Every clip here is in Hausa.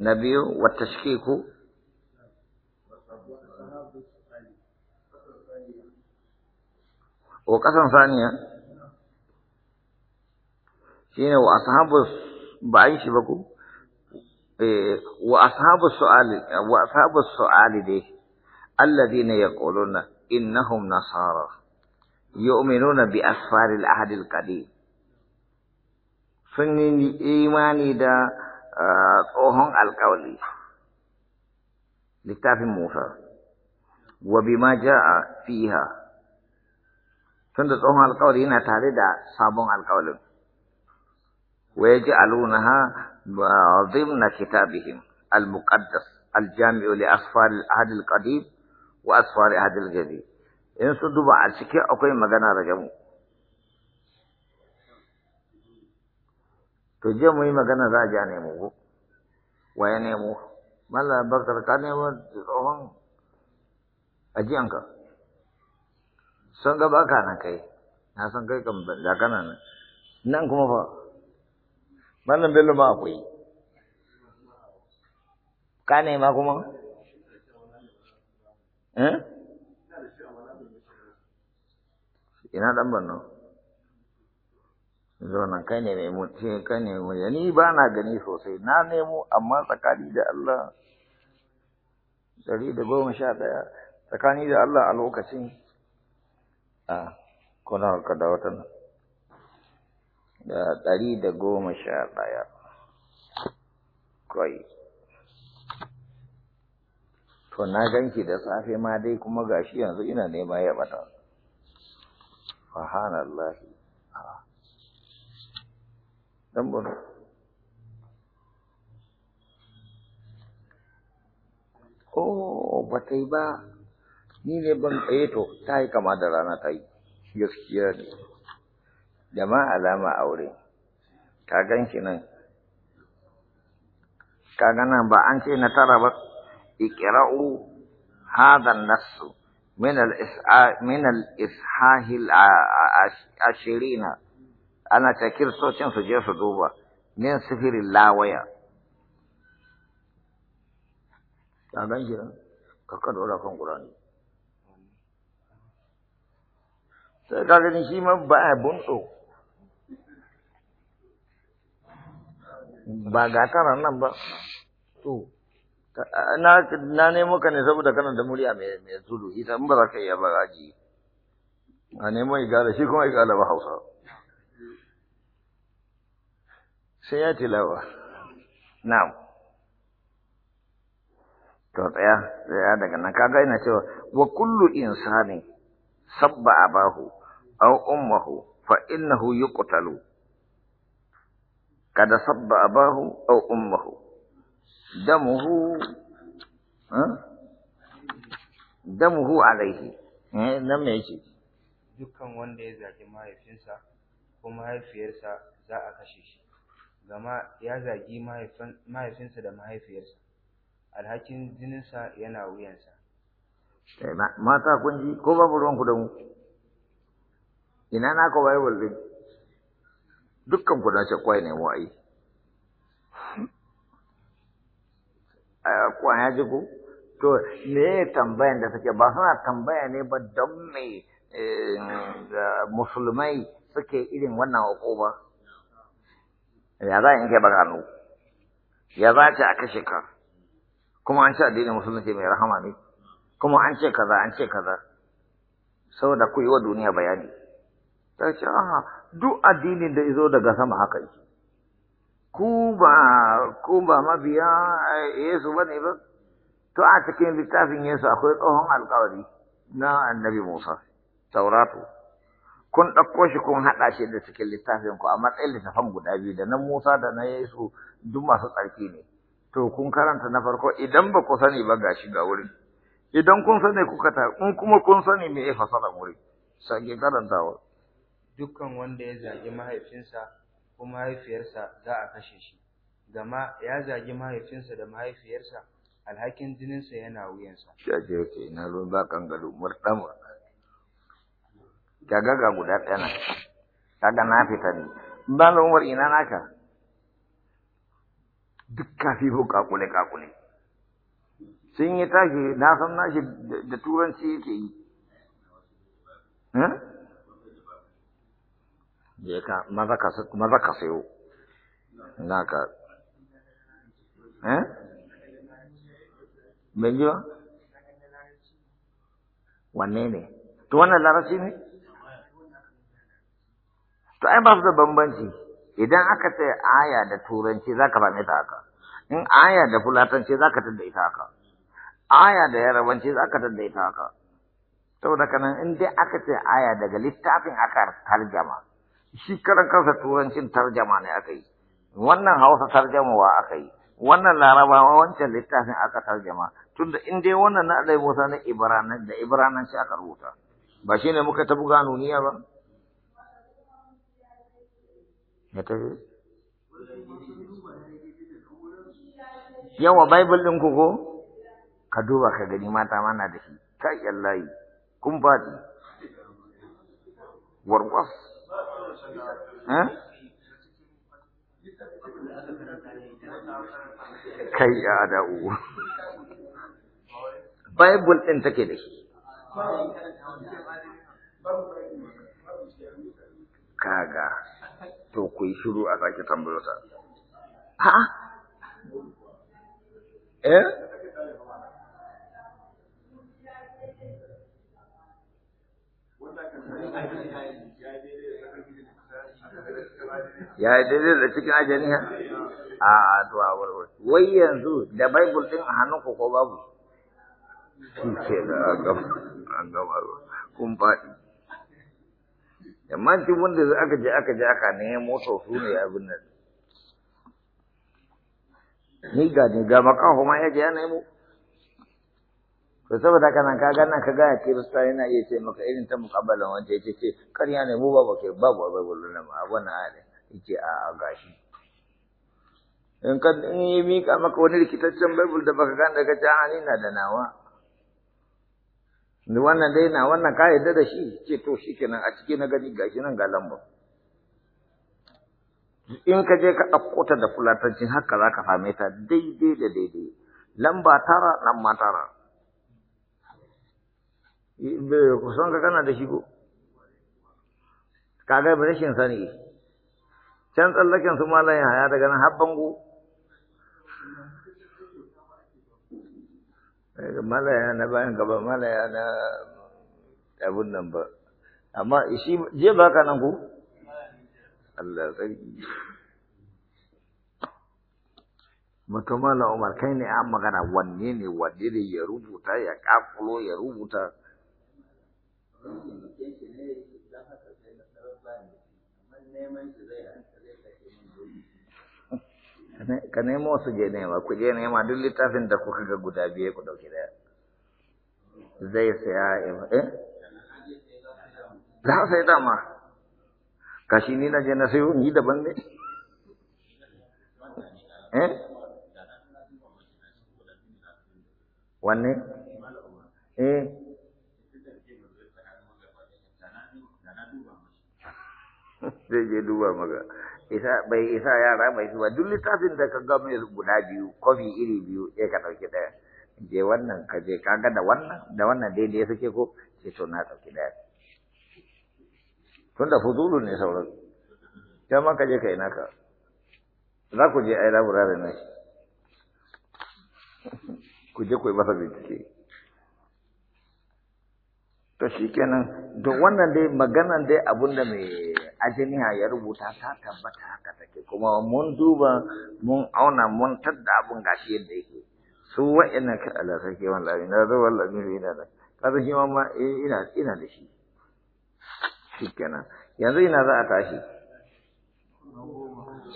نبي والتشكيك وقسم ثانية شين وأصحاب بعيش بكو إيه، وأصحاب السؤال وأصحاب السؤال دي الذين يقولون إنهم نصارى يؤمنون بأسفار العهد القديم فنين إيماني ده tsohon alkawali littafin Musa wa bima ja'a fiha tunda tsohon alkawali yana tare da sabon alkawalin wa yaj'alunaha ضمن كتابهم المقدس الجامع لأسفار العهد القديم وأسفار العهد الجديد إن صدب على الشكل أو كي مغنى رجمه to je mu yi magana za a ja nemo ko waya nemo mala bakar ka nemo tsohon ajiyanka sun ga baka na kai na san kai kan da kana nan nan kuma fa mallam bello ma akwai ka nema kuma eh ina dan bannan Zauna kai ne mai mutum kai ne mai ni ba na gani sosai na nemo amma tsakani da Allah ɗari da goma sha ɗaya tsakani da Allah a lokacin a kuna ka da wata da ɗari da goma sha ɗaya kai to na ganki da safe ma dai kuma gashi yanzu ina nema ya bata subhanallahi انظر oh ba ta yi ba ni ne ban tsaye eh to ta yi kama da rana ta yi gaskiya ne da alama aure ka gan shi nan ka nan ba an ce na tara ba Ikirau hadan an-nass min al-isha min al al-ashirina ana ta kiristocin su je su duba min sifirin lawaya ta gan ka kakka dora kan ƙurani sai ka gani shi ma ba a bunto ba ga tara nan ba to na na ne ka ne saboda kana da murya mai mai zulu ita in ba za ka iya ba ji a nemo igala shi kuma igala ba hausa sai ya tilawa na. to tsaya tsaya daga nan kaga ina cewa wa kullu insani sabba abahu aw ummuhu fa innahu yuqtalu kada sabba abahu aw ummuhu damuhu damuhu alaihi eh nan me yake dukkan wanda ya zaki mahaifinsa ko mahaifiyarsa za a kashe shi gama ya zagi mahaifinsa da mahaifiyarsa alhakin jininsa yana wuyansa eh, mata kun ji ko babu ruwan ku da mu ina naka bible din dukkan ku ce kwai ne mu ai ya ji ku to me tambayan da take ba suna tambaya ne ba don me eh, musulmai suke irin wannan hukuma ba ya za in kai bagano ya za ta a kashe ka kuma an ce addinin musulunci mai rahama ne kuma an ce kaza an ce kaza saboda ku yi wa duniya bayani ta ce aha duk addinin da izo daga sama haka yi ku ba ku ba mabiya eh, Yesu ba ne ba to a cikin littafin Yesu akwai tsohon alkawari na annabi Musa Tauratu kun ɗauko shi kun haɗa shi da cikin littafin ku a matsayin littafan guda biyu da na Musa da na Yesu duk masu tsarki ne to kun karanta na farko idan ba ku sani ba gashi ga wurin idan kun sani kuka ta in kuma kun sani me ya fasara wuri. sake karantawa dukkan wanda ya zagi mahaifinsa ko mahaifiyarsa za a kashe shi gama ya zagi mahaifinsa da mahaifiyarsa alhakin jininsa yana wuyansa shi ke na ruwan ba kan gado murɗa kaga ga guda ɗaya nan kaga na fita ne ba da umar ina naka duk kafi ko kakule kakule sun yi tashi na san nashi da turanci yake yi hmm? je ka maza ka sayo naka eh ban ji ba wanne ne to wannan larabci ne to ai ba su da bambanci idan aka ce aya da turanci za ka same ta haka in aya da fulatanci za ka tadda ita haka aya da yarabanci za ka tadda ita haka saboda kanan in dai aka ce aya daga littafin aka tarjama shi karan kansa turancin tarjama ne aka yi wannan hausa tarjamawa aka yi wannan larabawa wancan littafin aka tarjama tunda in dai wannan na alai musa na Ibrahim da Ibrahim shi aka rubuta ba shine muka ta buga nuniya ba yawa bible ɗin ku ko ka duba ka gani mata ma na da shi ka yallahi kun faɗi warwas eh kai ya da'u bible ɗin take da shi kaga to ku yi shiru a sake tambayota Ha? eh ya yi daidai da cikin ajiyar a addu'a warware wai yanzu da Bible din a hannunku ko babu shi ke da gaba kun faɗi yammacin wanda wanda aka je aka je aka nemo to su ne abin nan ni ga ni ga maka ma ya je ya nemo to saboda kana ka ga nan ka ga kirista yana iya ce maka irin ta muqabbalan wanda yake ce karya ne mu babu ke babu babu nan ma wannan ne yake a gashi in ka in yi mika maka wani rikitaccen bible da baka gane daga ta ani na da nawa wannan dai na wannan ka yadda da shi ce to shi kenan a ciki na gani gashi nan ga lamba. in ka je ka ɗauko ta da fulatanci haka za ka same ta daidai da daidai lamba tara nan ma tara eh, kusan ka kana da shigo kaga rashin sani can tsallaken su malayin haya daga nan har bango Eh, malaya na bayan gaba malaya na abun nan ba amma shi je ba ka nan ku Allah sarki Maka Mala Umar kai ne an magana wanne ne wanne ne ya rubuta ya kafulo ya rubuta neman shi zai ka nemo su je nema ku je nema duk littafin da kuka ga guda biyu ku dauki daya zai saya eh za a sai dama kashi ni na je na sayo ni daban ne eh wanne eh zai je duba maka isa bai isa yara mai shi ba duk littafin da ka gama guda biyu kofi iri biyu ya ka ɗauki ɗaya je wannan ka je ka ga da wannan da wannan daidai suke ko ce to na ɗauki ɗaya tun da fuzulu ne sauran ta ma ka je ka yi naka za ku je ai laburare da nashi ku je ku yi masa bincike to shi kenan duk wannan dai maganan dai abun da mai ajiniya ya rubuta ta tabbata haka take kuma mun duba mun auna mun tadda abun gashi yadda yake su wa'ina ka ala sarki wallahi na zo wallahi ina da kaza shi ma eh, ina ina da shi shikenan yanzu ina za a tashi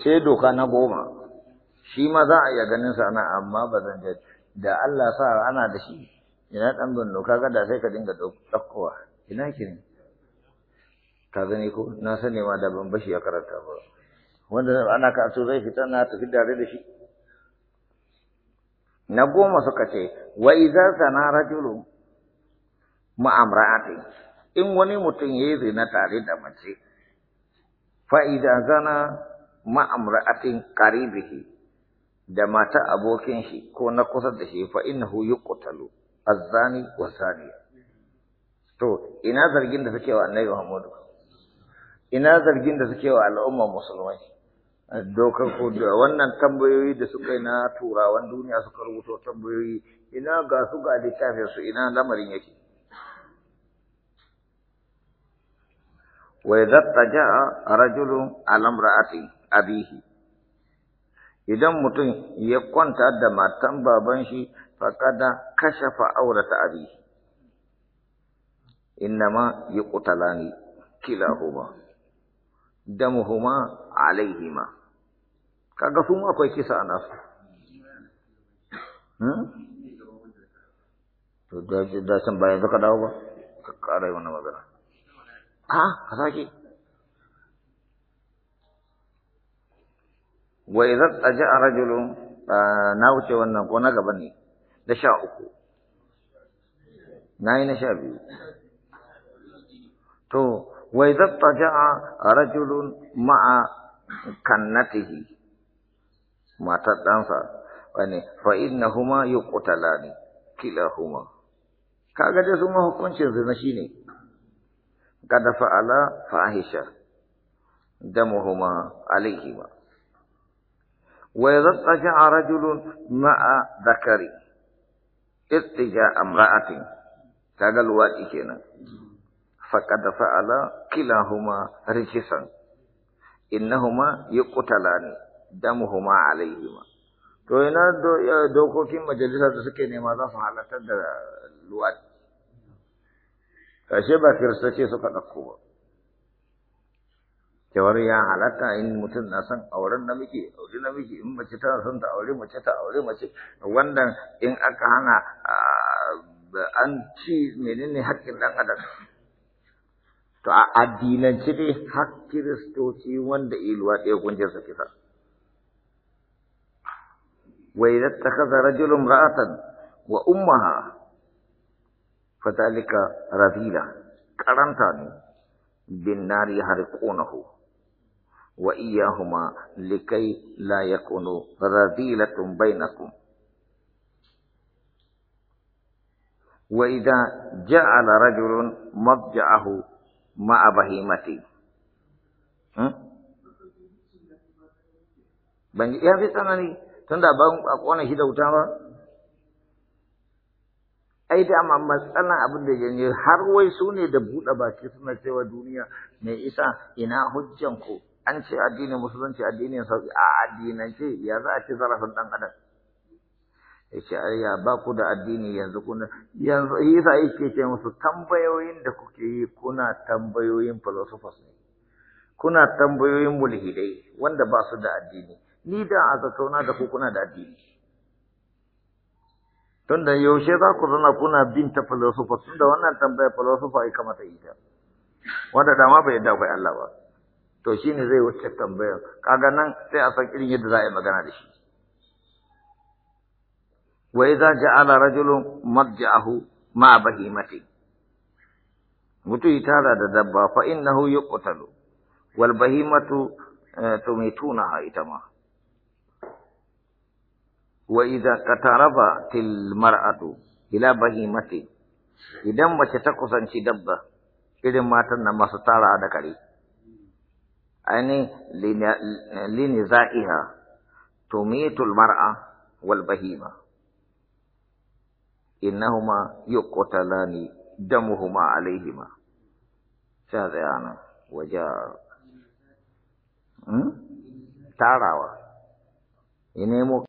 sai doka na goma shi ma za a iya ganin sa na amma ba zan je da Allah sa ana da shi ina dan ban doka kada sai ka dinga ɗaukowa ina kirin ka gani ko na sani ma da ban bashi ya karanta ba wanda ana karatu zai fita na tafi dare da shi na goma suka ce wa idza sana rajulu amra'ati in wani mutum yayi zina tare da mace fa idza zana ma'amra'atin qaribihi da mata abokin shi ko na kusa da shi fa innahu yuqtalu azzani wa zaniya to ina zargin da suke wa annabi Muhammadu ina zargin da suke wa al'umma musulmai dokar ko da wannan tambayoyi da suka yi na turawan duniya suka rubuto tambayoyi ina ga su ga littafin su ina lamarin yake wa idza taja'a rajulun ala imra'ati abihi idan mutum ya kwanta da matan baban shi faqada kashafa aurata abihi innama yuqtalani kilahuma damuhuma alaihima kaga su ma akwai kisa a nasu hmm? to da can bayan zaka dawo ba ka ƙara yi wani magana a ka sake wa idza tsaji rajulu na wuce wannan ko na gaba ne da sha uku na yi na sha biyu to وإذا اضطجع رجل مع كنته ما تدنسى يعني فإنهما يقتلان كلاهما كاغد سوما حكم شنزنا شيني قد فعل فاحشة دمهما عليهما وإذا اضطجع رجل مع ذكر اتجاه امرأة كاغل واتي كنا fa'ala فعل كلاهما rijisan innahuma yuqtalani damuhuma alayhima to ina dokokin majalisa da suke nema za su halatar da luwat kashe ba ce suka ɗauko ba kewar ya halatta in mutum na son auren namiji aure namiji in mace tana son ta aure mace ta aure mace wannan in aka hana ah, an ci menene haƙƙin ɗan adam To a addinan ce dai hak kristoci wanda iluwa ɗaya kunje sa kisa. wa idza kaza rajulun ra'atan wa ummaha fatalika radila karanta ne bin nari har kunahu wa iyahuma likai la yakunu radilatun bainakum وإذا جعل رجل مضجعه ma'a bahimati hmm? ban yi ya fi tsanani tun da ban a kona shi da wuta ba ai da amma matsalan abin da janye har wai su ne da buɗe baki suna cewa duniya mai isa ina hujjanku? an ce addinin musulunci addinin sauki a addinance ya za a ce zarafin ɗan adam yace ayya ba ku da addini yanzu kuna yanzu yasa yake ce musu tambayoyin da kuke yi kuna tambayoyin philosophers ne kuna tambayoyin mulhidai wanda ba su da addini ni da a zattauna da ku kuna da addini tunda yaushe za ku zana kuna bin ta tun da wannan tambaya philosopher ya kamata ita wanda dama bai yadda akwai Allah ba to shine zai wuce tambayar kaga nan sai a san irin yadda za a yi magana da shi وإذا جعل رجل مضجعه مع بهيمته متيت هذا الدب فإنه يقتل والبهيمة آه، تميتونها إتما وإذا كتربت المرأة إلى بهيمته إذا ما تتقصن شدب إذا ما تنمى ستارة دكري أني يعني لنزائها تميت المرأة والبهيمه إنهما يقتلان دمهما عليهما شاذعانا وجاء تعرى ينمو